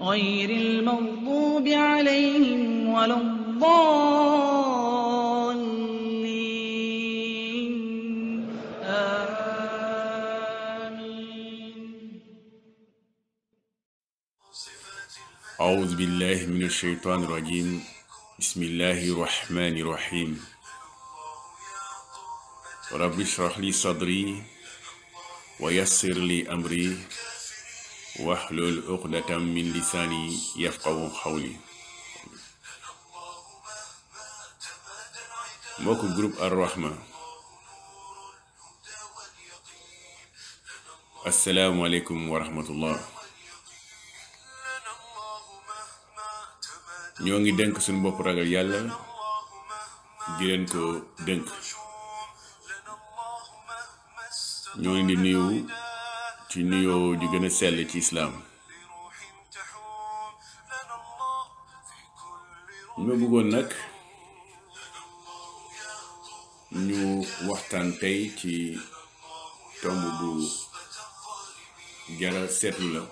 غير المغضوب عليهم ولا الضالين آمين أعوذ بالله من الشيطان الرجيم بسم الله الرحمن الرحيم رب اشرح لي صدري ويسر لي أمري waxlul uqdatam min lisaani yafqahu xawli mbokk groupe Arrahma asalaamualeykum wa rahmatullah ñoo ngi dénk suñu bopp ragal yàlla di ko dénk ñoo ngi di nuyu ci nuyoo ju gën a ci islaam ma bëggoon nag ñu waxtaan tey ci tomb bu jara seetlu la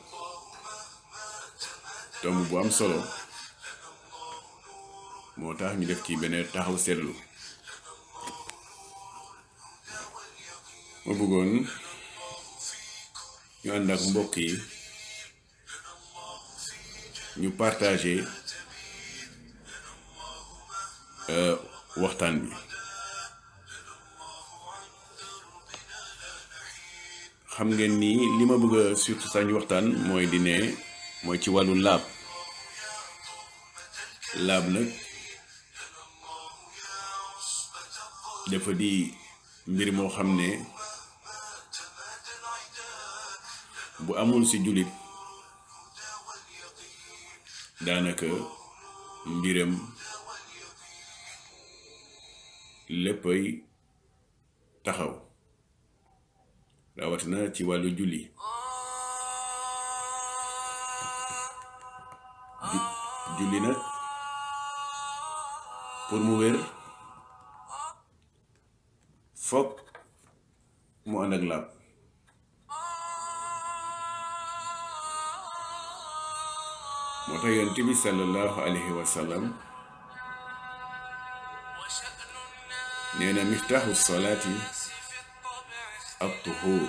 tomb bu am solo moo tax ñu def ci beneen taxaw seetlu ma bëggoon ñu ànd ak mbokk yi ñu partagé euh, waxtaan bi xam ngeen ni li ma bëgg a surtout sax waxtaan mooy di mooy ci wàllu laab laab nag dafa di mbir moo xam ne. bu amul ci jullit daanaka mbiram léppay taxaw rawatina ci wàllu julli julli nag pour mu wér fokk mu ànd ak làpp moo tax yonent bi sallallahu alayhi wa sallam nee na miftaaxu salaati ak tuhuur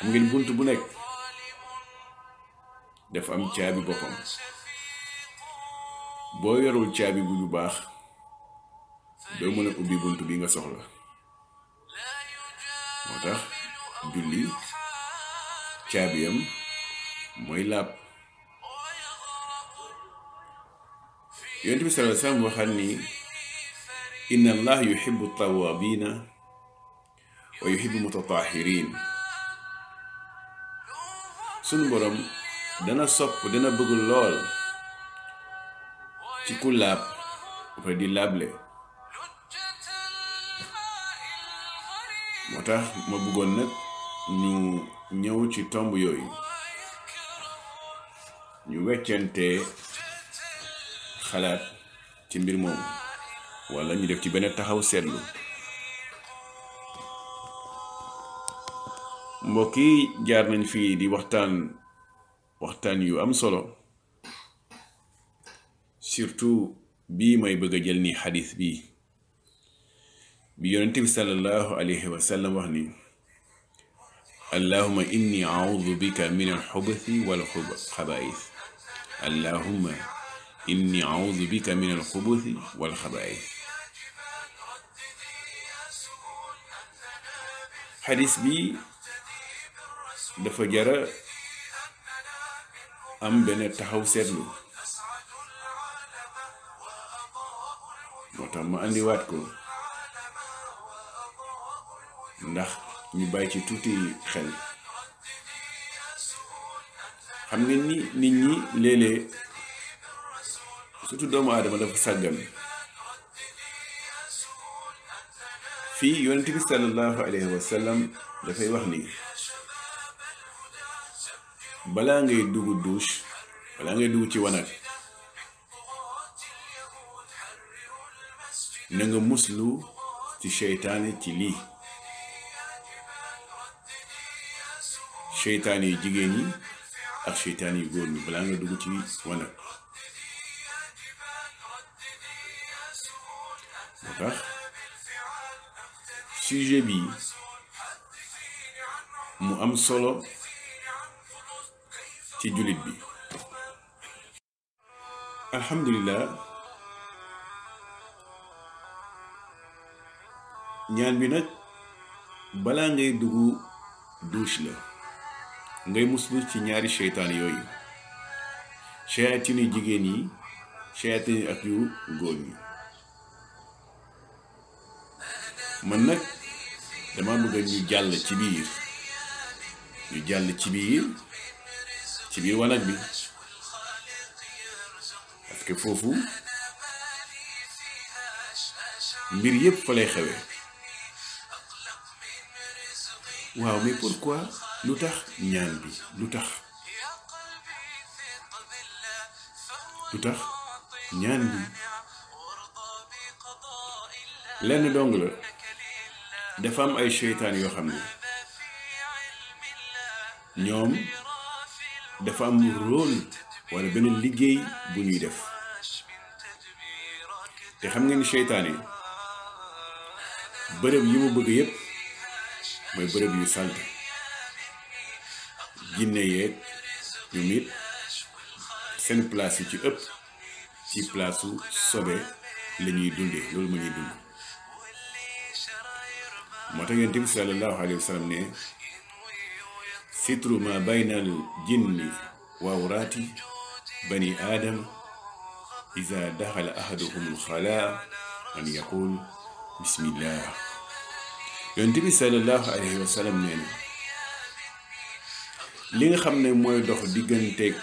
am ngeen bunt bu nekk dafa am caabi boppam boo yorul caabi bu bu baax doo mën a ubbi bunt bi nga soxla moo tax julli caabiyam mooy làpp yonent bi sallallahu alayhi wa sallam waxal ni inna allah yuhibbu tawaabiina wa yuhibbu mutatahiriin sunu borom dana sopp dana bëgg lool ci ku laab dafa di laable moo tax ma bëggoon nag ñu ñëw ci tomb yooyu ñu weccante xalaat ci mbir moomu wala ñu def ci benn taxaw seetlu mbokk yi jaar nañ fii di waxtaan waxtaan yu am solo surtout bii may bëgg a jël ni xadis bii bi yonent bi salallahu alayhi wa sallam wax ni allahuma inni audu bika min alxubathi wal اللهم إني أعوذ بك من الخبث والخبائث حديث بي دفجر أم بن تهو سيدلو وطمع أندي واتكو نخ نبايتي توتي خلق xam nga ni nit ñi léeg-léeg doomu aadama dafa sàggan fii yonent bi sallallahu alayhi wa dafay wax ni balaa ngay dugg douche balaa ngay dugg ci wanag na nga muslu ci seytaane ci lii seytaane yu jigéen yi ak seytaan yu góor ñi balaa nga dugg ci wanag moo bi mu am solo ci jullit bi alhamdulilah ñaan bi nag balaa ngay dugg douche la ngay muslu ci ñaari seytaan yooyu seytaani jigéen yi seytaani ak yu góor yi man nag dama bëgg ñu jàll ci biir ñu jàll ci biir ci biir wanag bi parce foofu mbir yépp fa lay xewe waaw mais pourquoi lu tax ñaan bi lu tax lu tax ñaan bi lenn dong la dafa am ay seytaan yoo xam ne ñoom dafa am rôle walla benn liggéey bu ñuy def te xam nga ni seytaan yi bërëb yi mu bëgg yépp mooy bërëb yu salte Guinée yeeg ñoom it seen place yi ci ëpp ci place su sobe la ñuy dundee loolu ma ñuy dund moo tax yonent bi sallallahu alayhi wa sallam ne sitru ma baynal jinni wa awraati bani aadam ida daxala ahaduhum xalaa an yaqul bismillah yonent bi sallallahu alayhi wa sallam nee na li nga xam ne mooy dox digganteeg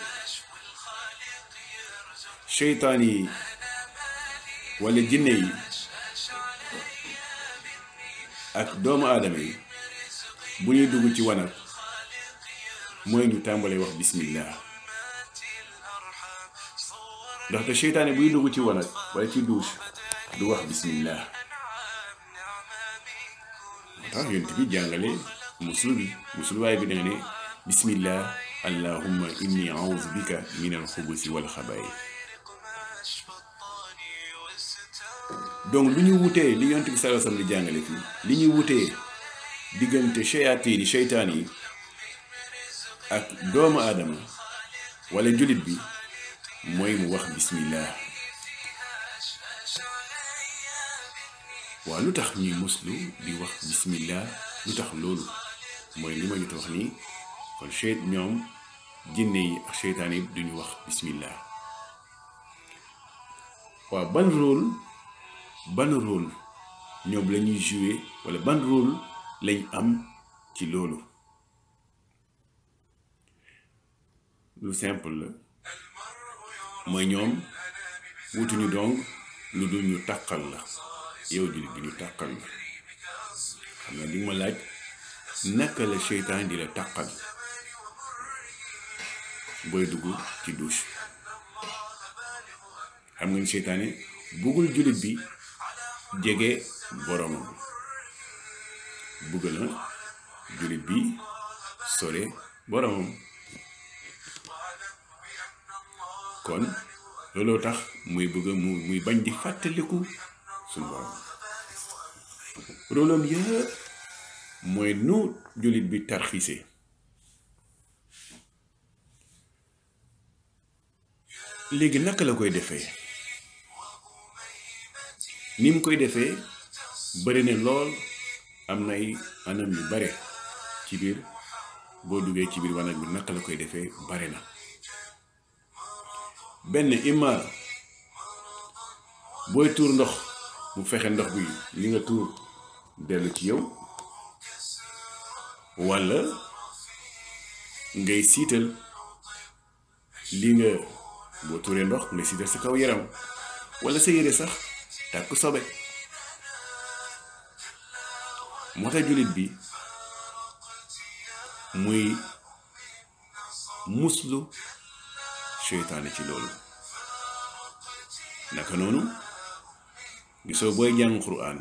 seytaan yi wala jinne yi ak doomu aadama yi bu ñuy dugg ci wanag mooy ñu tàmbalee wax bismillah ndaxte bu ñuy dugg ci wanag wala ci douche du wax bismillah moo tax yonent bi jàngale musul bi musul waaye bi danga ne bismillah allahumma inni audu bika min alxubusi wal xabaay donc lu ñu wutee li yonent bi sallallahu di jàngale fii li ñuy wutee diggante shayatin yi ak doomu aadama wala jullit bi mooy mu wax bismillah waaw lu tax ñuy muslu di wax bismillah lu tax loolu mooy li ma jot wax nii kon cheyt ñoom jinne yi ak cheytaan yi duñu wax bismillah waaw ban rôle ban rôle ñoom la ñuy jouer wala ban rôle lañ am ci loolu lu simple la mooy ñoom wutuñu donc lu dul ñu tàqal la yow jullit bi ñu tàqal la xam nga di ma laaj naka la seytaan di la tàqal booy dugg ci douche xam nga ni seytaane buggul jullit bi jege boromam bugg na jullit bi sore boromam kon looloo tax muy bëgg mu muy bañ di fàttaliku suñu borom rôlam yëpp mooy nu jullit bi tarxiise léegi naka la koy defee ni mu koy defee bari na lool am na ay anam yu bare ci biir boo duggee ci biir wanag bi naka la koy defee bare na benn imaar booy tuur ndox mu fexe ndox bi li nga tuur dellu ci yow walla ngay siital li nga boo tuuree ndox mu ne si def sa kaw yaram wala sa yére sax tàkk sobe moo tax jullit bi muy muslu seytaane ci loolu naka noonu gisoo booy jàng quraan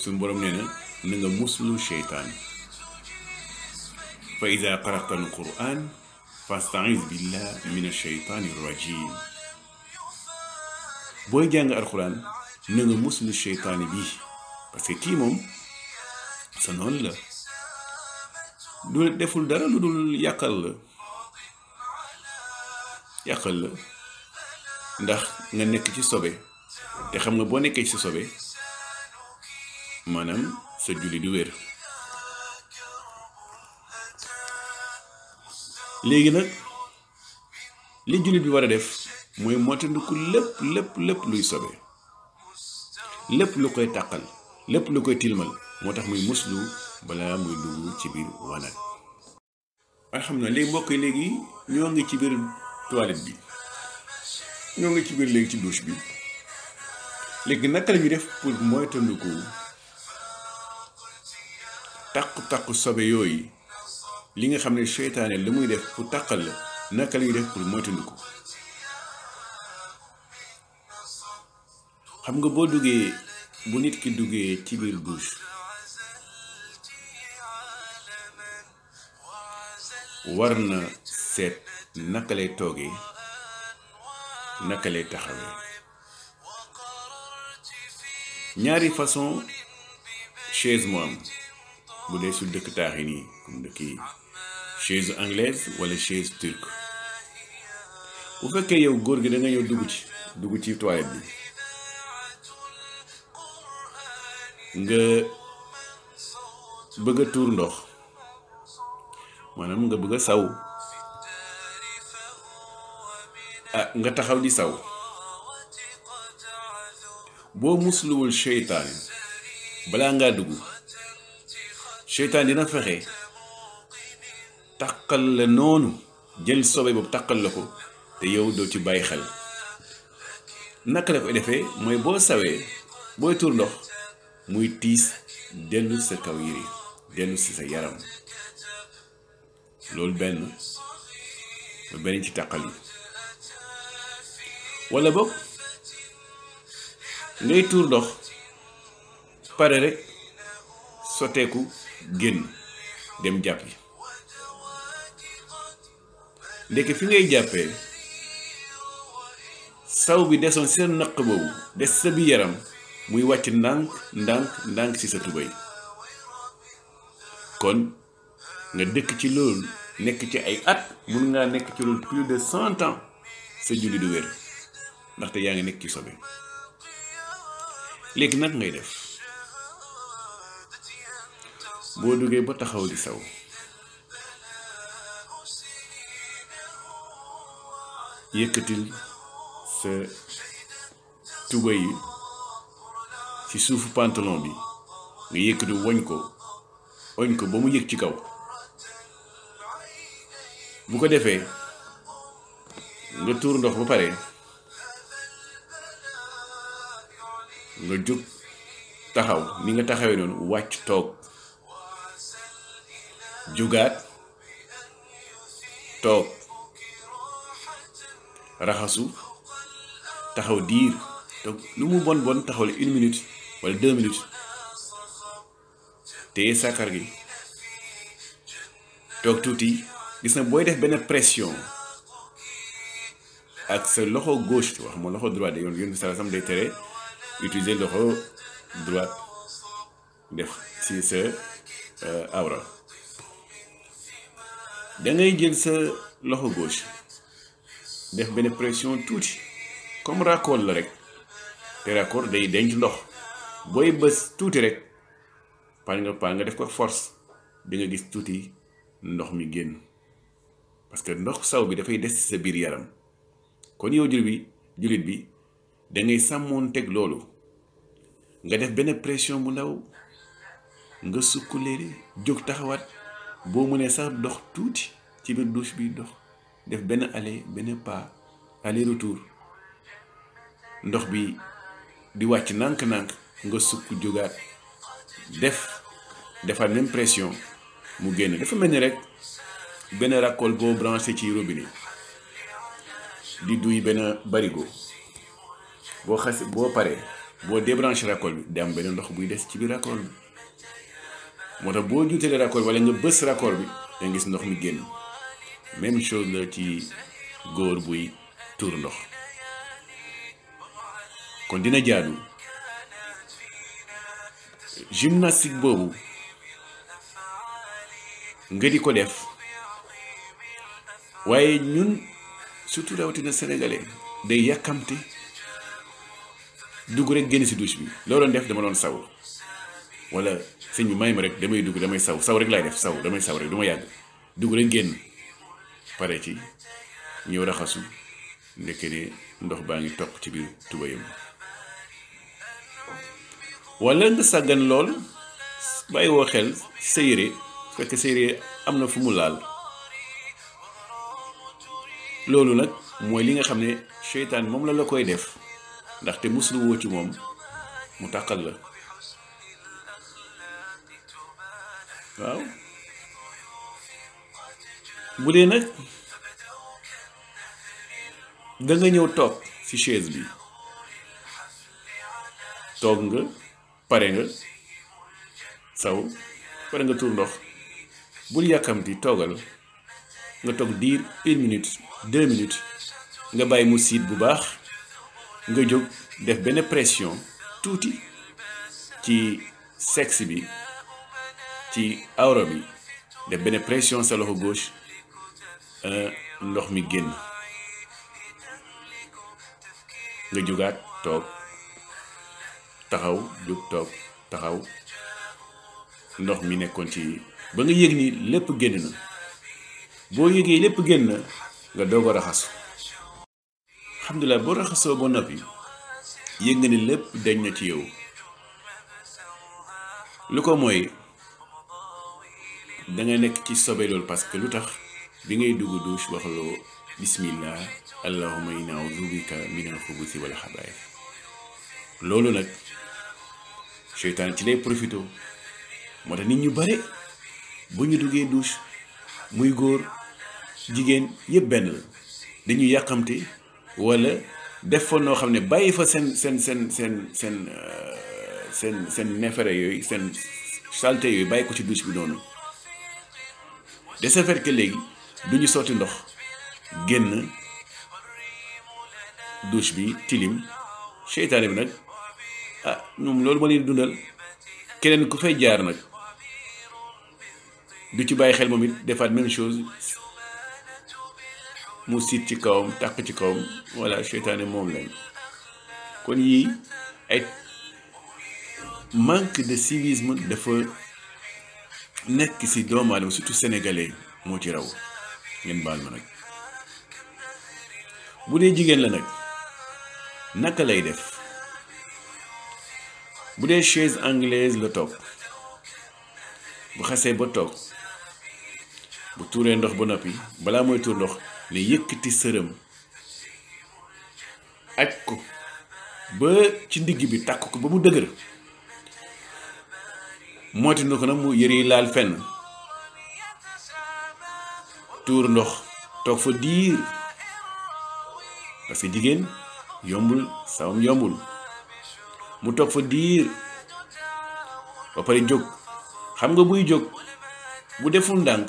suñu boroom nee na na nga muslu seytaane fa idaa quraan فاستعيذ بالله من الشيطان الرجيم بوي جانغ القران نغموس الشيطان بيه بس كيموم سنون لا دول ديفول دارا لودول ياكل ياكل ndax nga nek ci sobe te xam nga bo nekk ci sobe manam sa julli léegi nag li jullit bi war a def mooy moytandiku lépp lépp lépp luy sobe lépp lu koy tàqal lépp lu koy tilmal moo tax muy muslu balaa muy dugg ci biir wanag alhamdulilah léegi mbokk yi léegi ñoo ngi ci biir toilette bi ñoo ngi ci biir léegi ci douche bi léegi naka la ñuy def pour moytandiku tàqu tàqu sobe yooyu li nga xam ne seytaane la muy def pour tàqal la naka la def pour moytandi ko xam nga boo duggee bu nit ki duggee ci biir douche war na seet naka lay toogee naka lay taxawee ñaari façon chaise moo am bu dee su dëkk taax yi nii comme dëkk yi chaise anglaise wala chaise turque bu fekkee yow góor gi da nga ñëw dugg ci dugg ci toilette bi nga bëgg a tuur ndox maanaam nga bëgg saw ah, nga taxaw di saw boo musluwul seytaane balaa ngaa dugg seytaan dina fexe taqal la noonu jël sobe boobu taqal la ko te yow doo ci bàyyi xel naka la ko defee mooy boo sawee booy tuur ndox muy tiis dellu sa kaw yére dellu si sa yaram loolu benn lu benn ci taqal yi wala boog ngay tuur ndox pare rek soteeku génn dem jàpp yi ndeke fi ngay jàppee saw bi desoon seen naq boobu des sa bi yaram muy wàcc ndànk ndànk ndànk ci sa tubéy kon nga dëkk ci loolu nekk ci ay at mun ngaa nekk ci loolu plus de cent ans sa julli du wér ndaxte yaa ngi nekk ci sobe léegi nag ngay def boo duggee ba taxaw di saw yëkkatil sa tuba yi ci suufu pantalon bi nga yëkkati woñ ko oñ ko ba mu yëg ci kaw bu ko defee nga tuur ndox ba pare nga jóg taxaw ni nga taxawee noonu wàcc toog jógaat toog raxasu taxaw diir te lu mu bon bon taxaw la une minute wala deux minutes téye saakar gi toog tuuti gis na booy def benn pression ak sa loxo gauche wax ma loxo droite yoon yoon sam day tere utiliser loxo droite def euh, sa loxo gauche def benepresion pression touti comme raccord la rek té raccord day denc ndox boy beus touti rek paan nga paan def ko force di nga gis touti ndox mi genn parce que ndox saw bi da des dess sa bir yaram kon yow bi julit bi da ngay sàmmoon tek lolu nga def ben pression bu ndaw nga sukkuleeri jog taxawat bo mënee sax dox touti ci bir douche bi dox def ben aller ben pas aller retour ndox bi di wacc nank nank nga sukk jogat def defaat même pression mu guen dafa melni rek ben racole boo branché ci robinet di duy benn barigo bo xass bo paré bo débrancher racole bi dem ben benn ndox buy des ci biir racole bi moo tax boo juutalee racole wala nga bës racole bi nga gis ndox mi guen même chose la ci góor buy tuur ndox kon dina jaadu gymnastique boobu nga di ko def waaye ñun surtout rawatina sénégalais day yàkkamte dugg rek génn si douche bi looloon def dama doon saw wala sëñ bi may ma rek damay dugg damay saw saw rek laay def saw damay saw rek du ma yàgg dugg rek génn pare ci ñëw raxasu ndekke ne ndox baa ngi toq ci biir tubayam wala nga sàggan lool bàyyi xel sa yére fekk sa am na fu mu laal loolu nag mooy li nga xam ne seytaan moom la la koy def ndaxte muslu woo ci moom mu tàqal la waaw bu dee nag da nga ñëw toog ci chaise bi toog nga pare nga saw pare nga tuur ndox bul yàkkamti toogal nga toog diir une minute deux minutes nga bàyyi mu siit bu baax nga jóg def benn pression tuuti ci sexe bi ci awra bi def benn pression sa loxo gauche Euh, ndox mi génn nga jógaat toog taxaw jóg toog taxaw ndox mi nekkoon ci ba nga yëg ni lépp génn na boo yëgee lépp génn na nga doog a raxasu alhamdulilah boo raxasoo ba noppi yëg nga ni lépp dañ na ci yow lu ko moy danga nekk ci sobe loolu parce que lu tax bi ngay dugg douche waxloo bismillah allahuma inna audu bika min al si walla xabaayis loolu nag seytaan ci lay profité moo tax nit ñu bare bu ñu duggee douche muy góor jigéen yëpp benn la dañuy yàqamte wala def fa noo xam ne bàyyi fa seen seen seen seen seen euh, seen seen neefere yooyu seen saleté yooyu bàyyi ko ci douche bi noonu de ce fait léegi du ñu sotti ndox génn douche bi tilim seytaane bi nag ah ñoom loolu ma leen dundal keneen ku fay jaar nag du ci bàyyi xel moom it defaat même chose mu siit ci kawam tàq ci kawam walla seytaane moom lañ kon yii ay manque de civisme dafa nekk ci doomu aadama surtout sénégalais moo ci raw ngeen baal ma nag bu dee jigéen la nag naka lay def bu dee chaise anglaise la toog bu xasee ba toog bu tuuree ndox ba noppi balaa mooy tuur ndox la yëkkati sërëm aj ko ba ci ndigg bi takk ko ba mu dëgër moytu na ko nag mu yëre yi laal fenn tuur ndox toog fa diir parce que jigéen yombul sawam yombul mu toog fa diir ba pare jóg xam nga buy jóg bu deful ndànk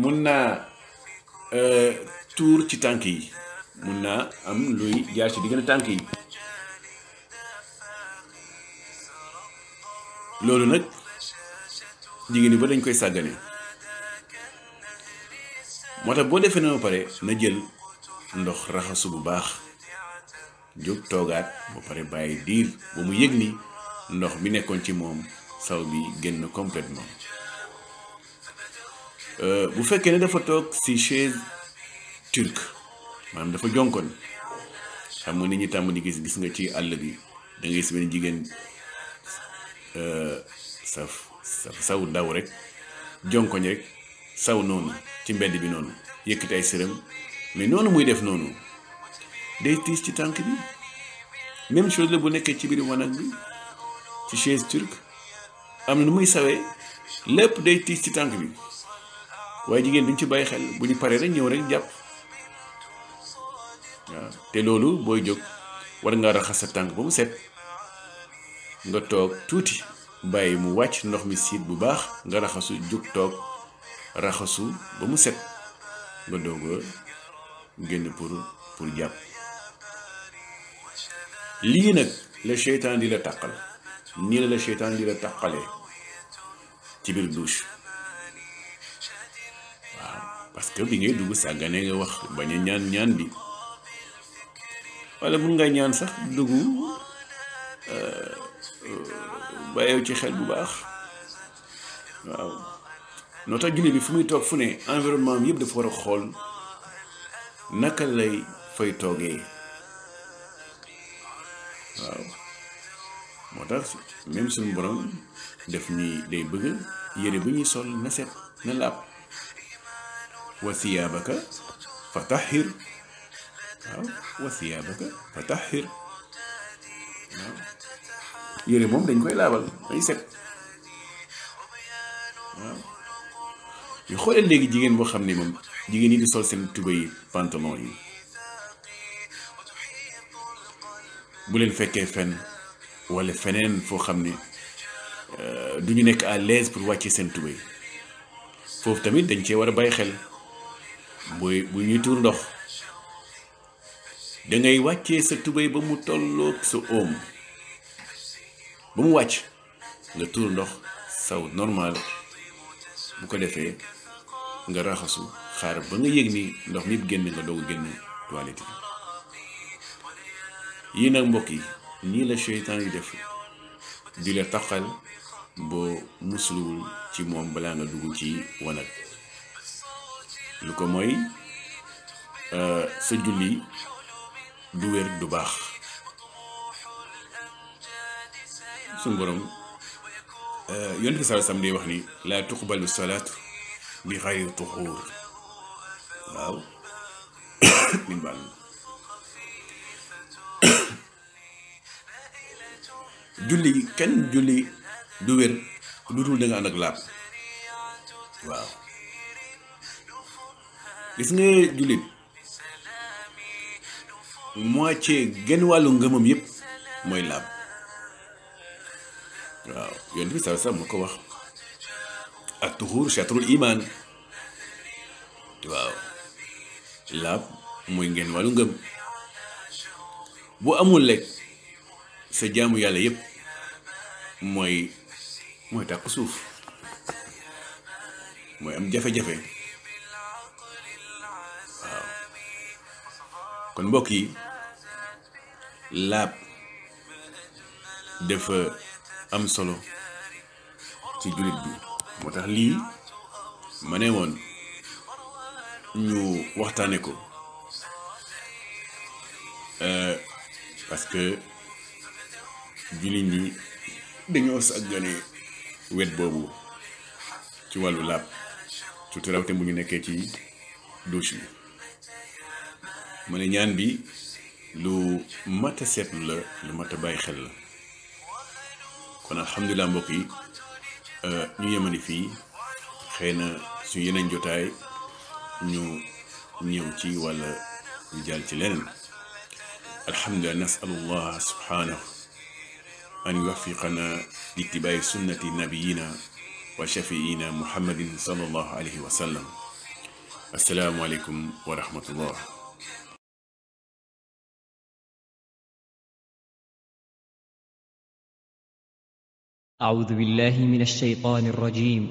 mun naa euh, tuur ci tànk yi mun naa am luy jaar ci diggante tànk yi loolu nag jigéen ñi ba dañ koy sàggane moo tax boo defee noonu pare na jël ndox raxasu bu baax jóg toogaat ba pare bàyyi diir ba mu yëg ni ndox bi nekkoon ci moom saw bi génn complètement euh, bu fekkee ne dafa toog ci chaise turque maanaam dafa jonkoon xam nga nit ñi tàmm di gis gis nga ci àll bi da ngay gis benn jigéen euh, saf saf saw ndaw rek jonkoñ rek saw noonu ci mbedd bi noonu yëkkati ay sërëm mais noonu muy def noonu day tiis ci tànk bi même chose la bu nekkee ci biir wanag bi ci chaise turque am na nu muy sawee lépp day tiis ci tànk bi waaye jigéen duñ ci bàyyi xel bu ñu paree rek ñëw rek jàpp te loolu booy jóg war nga raxas sa tànk ba mu set nga toog tuuti bàyyi mu wàcc ndox mi siit bu baax nga raxasu jóg toog raxasu ba mu set ba doog a pour pour japp li nak le shaytan di la tàqal nii la la cheytaan di la tàqalee ci bir douche parce que bi ngay dugg gané nga wax baña ñaan ñaan bi wala mun nga ñaan sax dugg euh, euh, bàyyew ci xel bu baax noo tax jullit bi fu muy toog fu ne environnement am yëpp dafa war a xool naka lay fay toogee waaw moo tax même suñu borom def ñuy day bëgg yére bu ñuy sol na set na laab wa siyaabaka fa taxir waaw wa siyaabaka fa taxir waaw yére moom dañ koy laabal dañ set waaw ñu xooleen léegi jigéen boo xam ne moom jigéen yi di sol seen tubéy pantalon yi bu leen fekkee fen walla feneen foo xam ne euh, du ñu nekk à l'aise pour wàccee seen tubéy foofu tamit dañ cee war a bàyyi xel booy bu ñuy tuur ndox dangay ngay wàccee sa tubéy ba mu tolloog sa oom ba mu wàcc nga tuur ndox saw normal bu ko defee nga raxasu xaar ba nga yëg ni ndox mi génn nga doog génn toilette yi nag mbokk yi nii la seytaan yi def di la taxal boo musluwul ci moom balaa nga dugg ci wanag lu ko mooy euh, sa julli du wér du baax su borom euh, yonent bi sallallahu alayhi wax ni laa tuqbalu salaatu بغير طهور waaw min baal julli kenn julli du wér lu dul da nga ànd ak laab waaw gis nga jullit moitié genn wàllu ngëmam yépp mooy laab waaw yoon bi sa sa moo ko wax ak tuxur chatrul iman waaw laab mooy ngeen wàllu ngëm bu amul lekk sa jaamu yàlla yépp mooy mooy tàkk suuf mooy am jafe-jafe kon mbokk yi laab dafa am solo ci jullit bi moo tax lii mane woon ñu waxtaane ko euh, parce que jullit ñi dañoo sàggane wet boobu ci wàllu làpp surtout rawatina bu ñu nekkee ci douche bi ñaan bi lu mat a seetlu la lu matt bàyyi xel la kon alhamdulilah mbokk ñu yemali fii xëy na su yeneen jotaay ñu ñëw ci walla ñu jàll ci leneen alhamdulillah nasalullah subhanahu an yuwaffiqana littibaai sunnati nabiyina wa shafiina muhammadin sallallahu alayhi wa sallam assalaamu aleykum wa rahmatullah أعوذ بالله من الشيطان الرجيم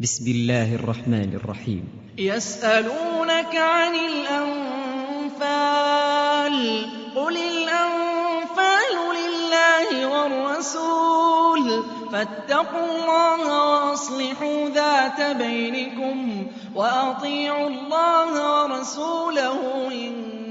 بسم الله الرحمن الرحيم يسألونك عن الأنفال قل الأنفال لله والرسول فاتقوا الله وأصلحوا ذات بينكم وأطيعوا الله ورسوله إن